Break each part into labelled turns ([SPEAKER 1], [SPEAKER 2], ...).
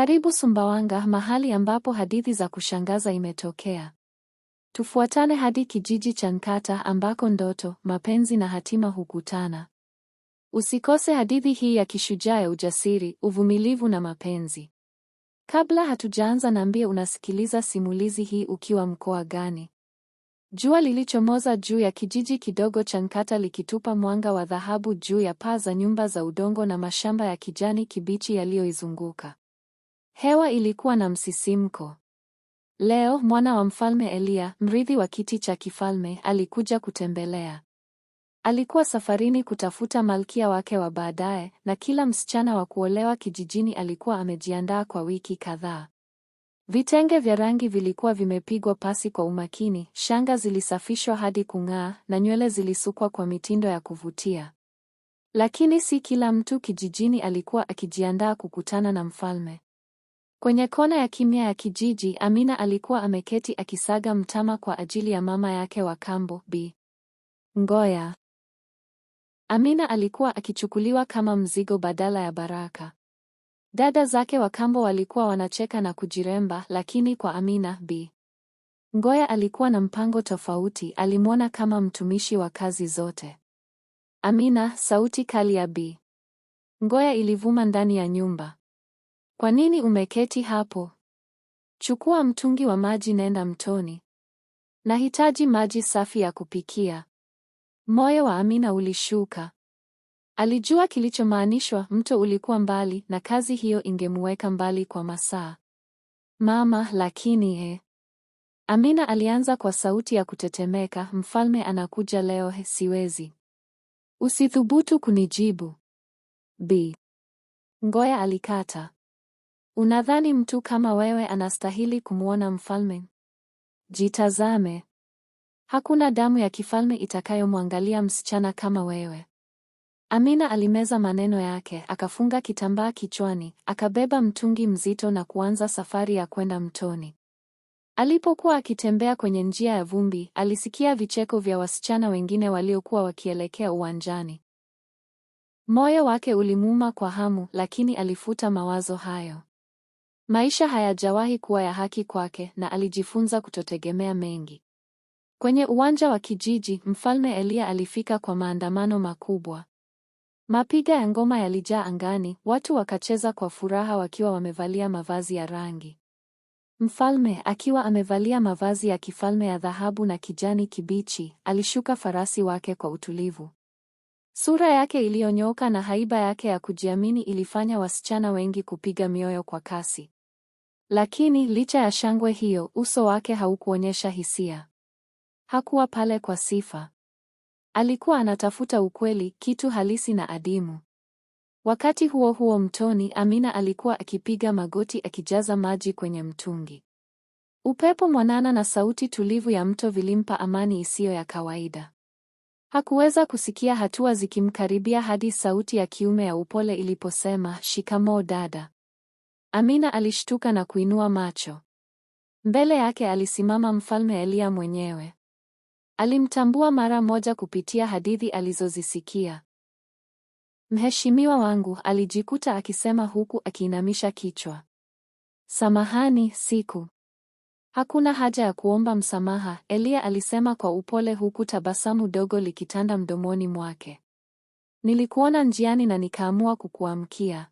[SPEAKER 1] Karibu Sumbawanga, mahali ambapo hadithi za kushangaza imetokea. Tufuatane hadi kijiji cha Nkata ambako ndoto, mapenzi na hatima hukutana. Usikose hadithi hii ya kishujaa ya ujasiri, uvumilivu na mapenzi. Kabla hatujaanza, naambie unasikiliza simulizi hii ukiwa mkoa gani? Jua lilichomoza juu ya kijiji kidogo cha Nkata likitupa mwanga wa dhahabu juu ya paa za nyumba za udongo na mashamba ya kijani kibichi yaliyoizunguka. Hewa ilikuwa na msisimko. Leo mwana wa mfalme Eliya, mrithi wa kiti cha kifalme, alikuja kutembelea. Alikuwa safarini kutafuta malkia wake wa baadaye, na kila msichana wa kuolewa kijijini alikuwa amejiandaa kwa wiki kadhaa. Vitenge vya rangi vilikuwa vimepigwa pasi kwa umakini, shanga zilisafishwa hadi kung'aa na nywele zilisukwa kwa mitindo ya kuvutia. Lakini si kila mtu kijijini alikuwa akijiandaa kukutana na mfalme. Kwenye kona ya kimya ya kijiji, Amina alikuwa ameketi akisaga mtama kwa ajili ya mama yake wa kambo, Bi Ngoya. Amina alikuwa akichukuliwa kama mzigo badala ya baraka. Dada zake wa kambo walikuwa wanacheka na kujiremba, lakini kwa Amina, Bi Ngoya alikuwa na mpango tofauti, alimwona kama mtumishi wa kazi zote. Amina, sauti kali ya Bi Ngoya ilivuma ndani ya nyumba. Kwa nini umeketi hapo? Chukua mtungi wa maji, nenda mtoni. Nahitaji maji safi ya kupikia. Moyo wa Amina ulishuka. Alijua kilichomaanishwa, mto ulikuwa mbali na kazi hiyo ingemweka mbali kwa masaa. Mama, lakini he. Amina alianza kwa sauti ya kutetemeka, mfalme anakuja leo, he, siwezi. Usithubutu kunijibu. B. Ngoya alikata. Unadhani mtu kama wewe anastahili kumwona mfalme? Jitazame. Hakuna damu ya kifalme itakayomwangalia msichana kama wewe. Amina alimeza maneno yake, akafunga kitambaa kichwani, akabeba mtungi mzito na kuanza safari ya kwenda mtoni. Alipokuwa akitembea kwenye njia ya vumbi, alisikia vicheko vya wasichana wengine waliokuwa wakielekea uwanjani. Moyo wake ulimuuma kwa hamu, lakini alifuta mawazo hayo. Maisha hayajawahi kuwa ya haki kwake na alijifunza kutotegemea mengi. Kwenye uwanja wa kijiji, Mfalme Eliya alifika kwa maandamano makubwa. Mapiga ya ngoma yalijaa angani, watu wakacheza kwa furaha wakiwa wamevalia mavazi ya rangi. Mfalme akiwa amevalia mavazi ya kifalme ya dhahabu na kijani kibichi, alishuka farasi wake kwa utulivu. Sura yake iliyonyoka na haiba yake ya kujiamini ilifanya wasichana wengi kupiga mioyo kwa kasi. Lakini licha ya shangwe hiyo, uso wake haukuonyesha hisia. Hakuwa pale kwa sifa. Alikuwa anatafuta ukweli, kitu halisi na adimu. Wakati huo huo mtoni, Amina alikuwa akipiga magoti akijaza maji kwenye mtungi. Upepo mwanana na sauti tulivu ya mto vilimpa amani isiyo ya kawaida. Hakuweza kusikia hatua zikimkaribia hadi sauti ya kiume ya upole iliposema, shikamoo dada. Amina alishtuka na kuinua macho. Mbele yake alisimama Mfalme Eliya mwenyewe. Alimtambua mara moja kupitia hadithi alizozisikia. Mheshimiwa wangu, alijikuta akisema huku akiinamisha kichwa. Samahani, siku. Hakuna haja ya kuomba msamaha, Eliya alisema kwa upole huku tabasamu dogo likitanda mdomoni mwake. Nilikuona njiani na nikaamua kukuamkia.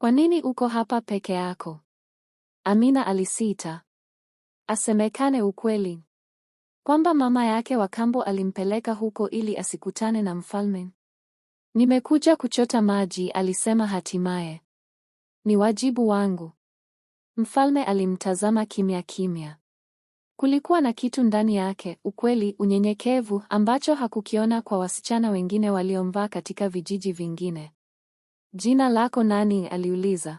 [SPEAKER 1] Kwa nini uko hapa peke yako? Amina alisita. Asemekane ukweli kwamba mama yake wa kambo alimpeleka huko ili asikutane na mfalme. Nimekuja kuchota maji, alisema hatimaye. Ni wajibu wangu. Mfalme alimtazama kimya kimya. Kulikuwa na kitu ndani yake, ukweli, unyenyekevu, ambacho hakukiona kwa wasichana wengine waliomvaa katika vijiji vingine. Jina lako nani? aliuliza.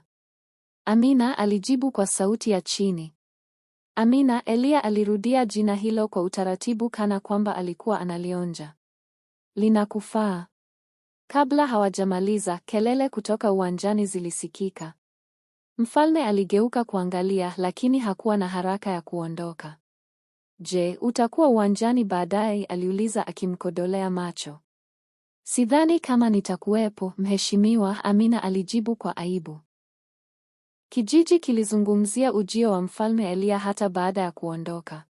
[SPEAKER 1] Amina alijibu kwa sauti ya chini. Amina. Eliya alirudia jina hilo kwa utaratibu, kana kwamba alikuwa analionja. Linakufaa. Kabla hawajamaliza, kelele kutoka uwanjani zilisikika. Mfalme aligeuka kuangalia, lakini hakuwa na haraka ya kuondoka. Je, utakuwa uwanjani baadaye? aliuliza akimkodolea macho. Sidhani kama nitakuwepo, mheshimiwa, Amina alijibu kwa aibu. Kijiji kilizungumzia ujio wa Mfalme Eliya hata baada ya kuondoka.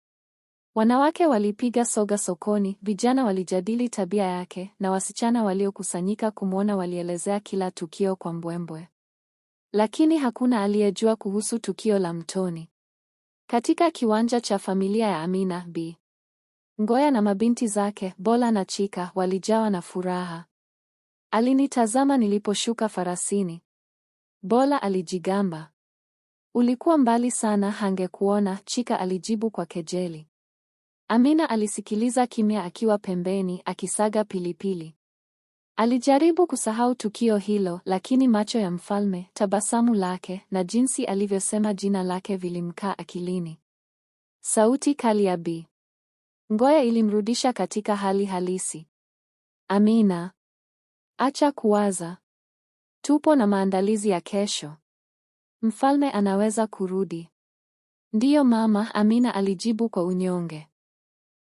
[SPEAKER 1] Wanawake walipiga soga sokoni, vijana walijadili tabia yake, na wasichana waliokusanyika kumwona walielezea kila tukio kwa mbwembwe. Lakini hakuna aliyejua kuhusu tukio la mtoni. Katika kiwanja cha familia ya Amina, Bi. Ngoya na mabinti zake Bola na Chika walijawa na furaha. Alinitazama niliposhuka farasini. Bola alijigamba, ulikuwa mbali sana, hangekuona. Chika alijibu kwa kejeli. Amina alisikiliza kimya akiwa pembeni akisaga pilipili. Alijaribu kusahau tukio hilo, lakini macho ya mfalme, tabasamu lake na jinsi alivyosema jina lake vilimkaa akilini. Sauti kali ya Bi Ngoya ilimrudisha katika hali halisi. Amina, acha kuwaza, tupo na maandalizi ya kesho. Mfalme anaweza kurudi. Ndiyo mama, Amina alijibu kwa unyonge.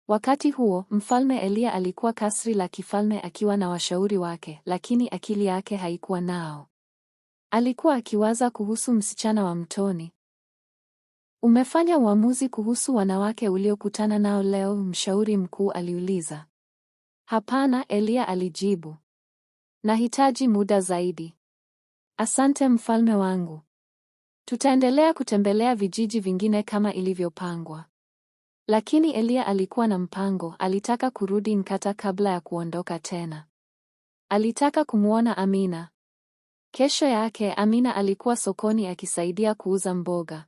[SPEAKER 1] Wakati huo mfalme Eliya alikuwa kasri la kifalme akiwa na washauri wake, lakini akili yake haikuwa nao. Alikuwa akiwaza kuhusu msichana wa mtoni, Umefanya uamuzi kuhusu wanawake uliokutana nao leo? Mshauri mkuu aliuliza. Hapana, Eliya alijibu. Nahitaji muda zaidi. Asante mfalme wangu. Tutaendelea kutembelea vijiji vingine kama ilivyopangwa. Lakini Eliya alikuwa na mpango, alitaka kurudi Nkata kabla ya kuondoka tena. Alitaka kumwona Amina. Kesho yake Amina alikuwa sokoni akisaidia kuuza mboga.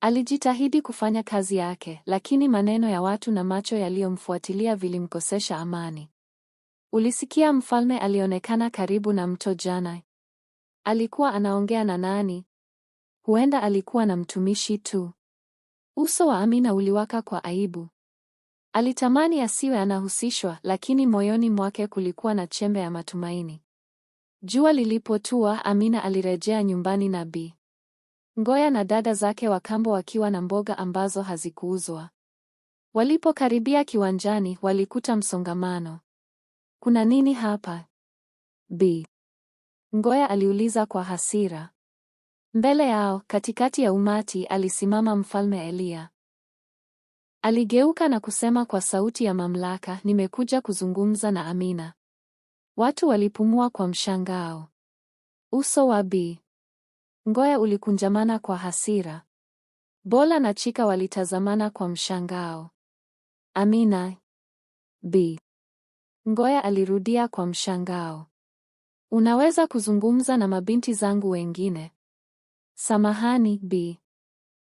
[SPEAKER 1] Alijitahidi kufanya kazi yake, lakini maneno ya watu na macho yaliyomfuatilia vilimkosesha amani. Ulisikia mfalme alionekana karibu na mto jana. Alikuwa anaongea na nani? Huenda alikuwa na mtumishi tu. Uso wa Amina uliwaka kwa aibu. Alitamani asiwe anahusishwa, lakini moyoni mwake kulikuwa na chembe ya matumaini. Jua lilipotua, Amina alirejea nyumbani na Bi Ngoya na dada zake wa kambo wakiwa na mboga ambazo hazikuuzwa. Walipokaribia kiwanjani, walikuta msongamano. Kuna nini hapa? B. Ngoya aliuliza kwa hasira. Mbele yao, katikati ya umati, alisimama Mfalme Eliya. Aligeuka na kusema kwa sauti ya mamlaka, nimekuja kuzungumza na Amina. Watu walipumua kwa mshangao. Uso wa Bi Ngoya ulikunjamana kwa hasira. Bola na Chika walitazamana kwa mshangao. Amina B. Ngoya alirudia kwa mshangao. Unaweza kuzungumza na mabinti zangu wengine? Samahani B.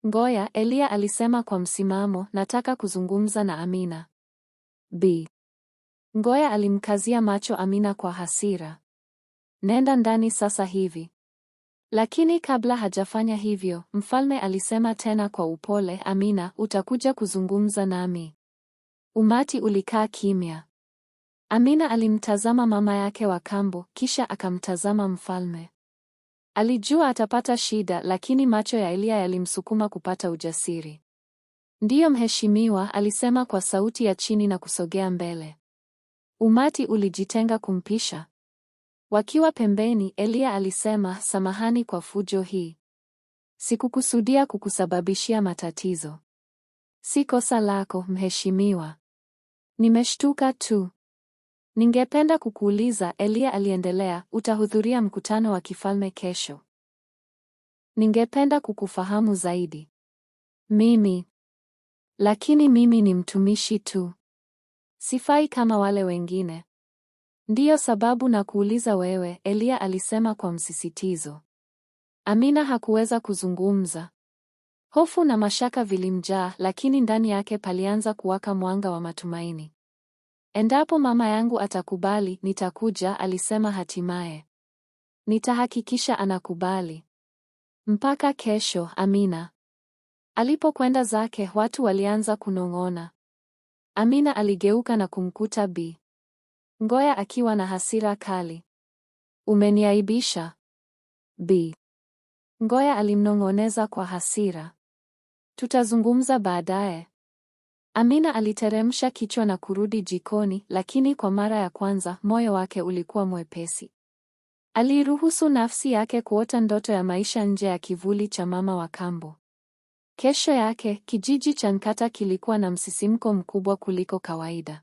[SPEAKER 1] Ngoya, Eliya alisema kwa msimamo, nataka kuzungumza na Amina. B. Ngoya alimkazia macho Amina kwa hasira. Nenda ndani sasa hivi. Lakini kabla hajafanya hivyo, mfalme alisema tena kwa upole, Amina, utakuja kuzungumza nami. Umati ulikaa kimya. Amina alimtazama mama yake wa kambo, kisha akamtazama mfalme. Alijua atapata shida, lakini macho ya Eliya yalimsukuma kupata ujasiri. Ndiyo mheshimiwa, alisema kwa sauti ya chini na kusogea mbele. Umati ulijitenga kumpisha. Wakiwa pembeni, Eliya alisema, samahani kwa fujo hii, sikukusudia kukusababishia matatizo. Si kosa lako, mheshimiwa, nimeshtuka tu. Ningependa kukuuliza, Eliya aliendelea, utahudhuria mkutano wa kifalme kesho? Ningependa kukufahamu zaidi. Mimi lakini mimi ni mtumishi tu, sifai kama wale wengine. Ndiyo sababu na kuuliza wewe, Eliya alisema kwa msisitizo. Amina hakuweza kuzungumza. Hofu na mashaka vilimjaa, lakini ndani yake palianza kuwaka mwanga wa matumaini. Endapo mama yangu atakubali, nitakuja, alisema hatimaye. Nitahakikisha anakubali. Mpaka kesho, Amina. Alipokwenda zake, watu walianza kunong'ona. Amina aligeuka na kumkuta Bi Ngoya akiwa na hasira kali. Umeniaibisha B. Ngoya, alimnong'oneza kwa hasira. Tutazungumza baadaye. Amina aliteremsha kichwa na kurudi jikoni, lakini kwa mara ya kwanza moyo wake ulikuwa mwepesi. Aliruhusu nafsi yake kuota ndoto ya maisha nje ya kivuli cha mama wa kambo. Kesho yake kijiji cha Nkata kilikuwa na msisimko mkubwa kuliko kawaida.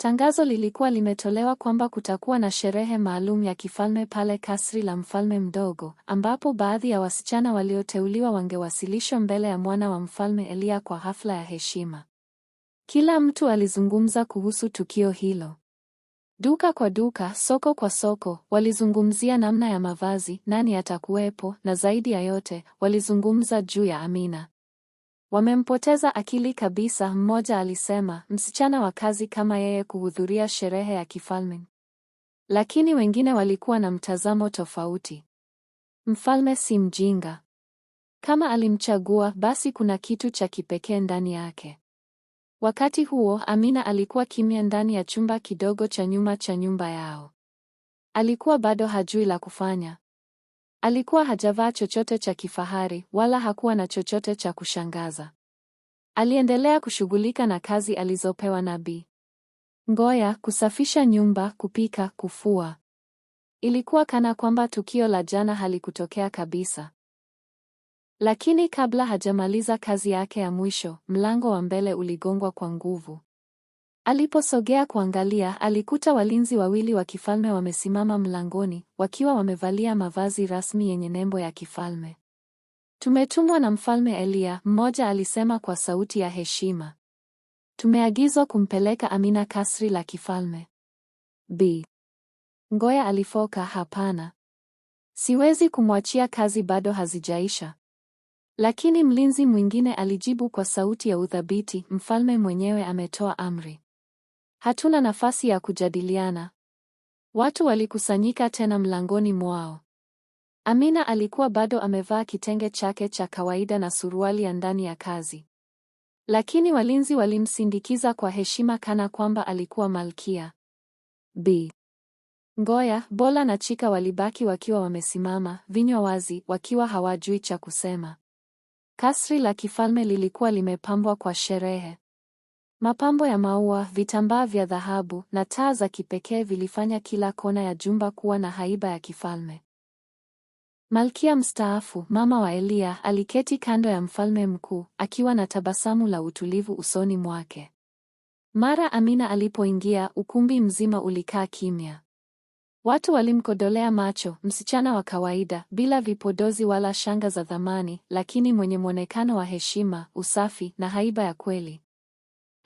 [SPEAKER 1] Tangazo lilikuwa limetolewa kwamba kutakuwa na sherehe maalum ya kifalme pale kasri la mfalme mdogo, ambapo baadhi ya wasichana walioteuliwa wangewasilishwa mbele ya mwana wa mfalme Eliya kwa hafla ya heshima. Kila mtu alizungumza kuhusu tukio hilo. Duka kwa duka, soko kwa soko, walizungumzia namna ya mavazi, nani atakuwepo, na zaidi ya yote, walizungumza juu ya Amina. Wamempoteza akili kabisa, mmoja alisema, msichana wa kazi kama yeye kuhudhuria sherehe ya kifalme. Lakini wengine walikuwa na mtazamo tofauti. Mfalme si mjinga. Kama alimchagua, basi kuna kitu cha kipekee ndani yake. Wakati huo, Amina alikuwa kimya ndani ya chumba kidogo cha nyuma cha nyumba yao. Alikuwa bado hajui la kufanya. Alikuwa hajavaa chochote cha kifahari wala hakuwa na chochote cha kushangaza. Aliendelea kushughulika na kazi alizopewa na Bi Ngoya: kusafisha nyumba, kupika, kufua. Ilikuwa kana kwamba tukio la jana halikutokea kabisa. Lakini kabla hajamaliza kazi yake ya mwisho, mlango wa mbele uligongwa kwa nguvu. Aliposogea kuangalia, alikuta walinzi wawili wa kifalme wamesimama mlangoni, wakiwa wamevalia mavazi rasmi yenye nembo ya kifalme. Tumetumwa na Mfalme elia mmoja alisema kwa sauti ya heshima. Tumeagizwa kumpeleka Amina kasri la kifalme. B. Ngoya alifoka, hapana. Siwezi kumwachia kazi bado hazijaisha. Lakini mlinzi mwingine alijibu kwa sauti ya uthabiti, mfalme mwenyewe ametoa amri. Hatuna nafasi ya kujadiliana. Watu walikusanyika tena mlangoni mwao. Amina alikuwa bado amevaa kitenge chake cha kawaida na suruali ya ndani ya kazi. Lakini walinzi walimsindikiza kwa heshima kana kwamba alikuwa malkia. B Ngoya, Bola na Chika walibaki wakiwa wamesimama, vinywa wazi, wakiwa hawajui cha kusema. Kasri la kifalme lilikuwa limepambwa kwa sherehe. Mapambo ya maua, vitambaa vya dhahabu na taa za kipekee vilifanya kila kona ya jumba kuwa na haiba ya kifalme. Malkia mstaafu, mama wa Eliya, aliketi kando ya mfalme mkuu, akiwa na tabasamu la utulivu usoni mwake. Mara Amina alipoingia, ukumbi mzima ulikaa kimya. Watu walimkodolea macho, msichana wa kawaida, bila vipodozi wala shanga za thamani, lakini mwenye mwonekano wa heshima, usafi na haiba ya kweli.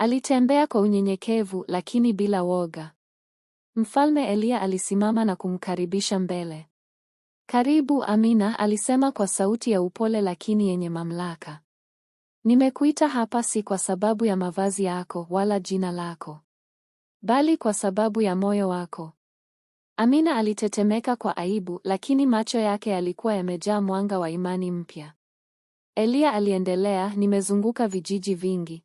[SPEAKER 1] Alitembea kwa unyenyekevu lakini bila woga. Mfalme Eliya alisimama na kumkaribisha mbele. Karibu Amina, alisema kwa sauti ya upole lakini yenye mamlaka. Nimekuita hapa si kwa sababu ya mavazi yako wala jina lako, bali kwa sababu ya moyo wako. Amina alitetemeka kwa aibu, lakini macho yake yalikuwa yamejaa mwanga wa imani mpya. Eliya aliendelea, nimezunguka vijiji vingi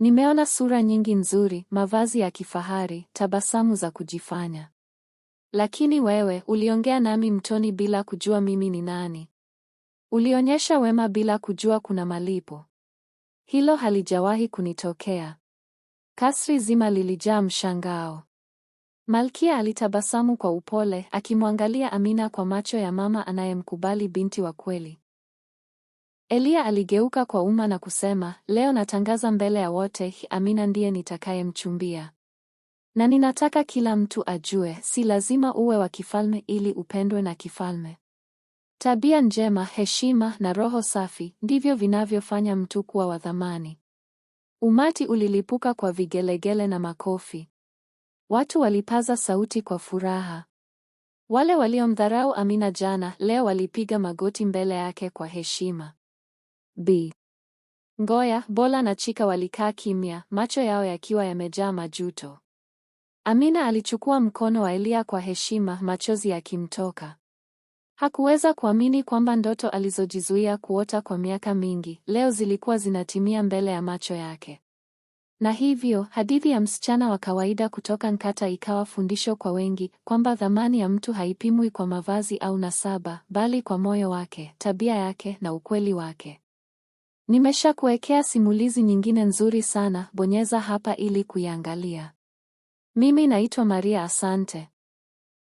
[SPEAKER 1] Nimeona sura nyingi nzuri, mavazi ya kifahari, tabasamu za kujifanya. Lakini wewe uliongea nami mtoni bila kujua mimi ni nani. Ulionyesha wema bila kujua kuna malipo. Hilo halijawahi kunitokea. Kasri zima lilijaa mshangao. Malkia alitabasamu kwa upole, akimwangalia Amina kwa macho ya mama anayemkubali binti wa kweli. Eliya aligeuka kwa umma na kusema, leo natangaza mbele ya wote, Amina ndiye nitakayemchumbia. Na ninataka kila mtu ajue, si lazima uwe wa kifalme ili upendwe na kifalme. Tabia njema, heshima na roho safi ndivyo vinavyofanya mtu kuwa wa thamani. Umati ulilipuka kwa vigelegele na makofi. Watu walipaza sauti kwa furaha. Wale waliomdharau Amina jana leo walipiga magoti mbele yake kwa heshima. B. Ngoya, Bola na Chika walikaa kimya, macho yao yakiwa yamejaa majuto. Amina alichukua mkono wa Eliya kwa heshima, machozi yakimtoka. Hakuweza kuamini kwamba ndoto alizojizuia kuota kwa miaka mingi, leo zilikuwa zinatimia mbele ya macho yake. Na hivyo, hadithi ya msichana wa kawaida kutoka Nkata ikawa fundisho kwa wengi, kwamba thamani ya mtu haipimwi kwa mavazi au nasaba, bali kwa moyo wake, tabia yake na ukweli wake. Nimeshakuwekea simulizi nyingine nzuri sana, bonyeza hapa ili kuiangalia. Mimi naitwa Maria, asante.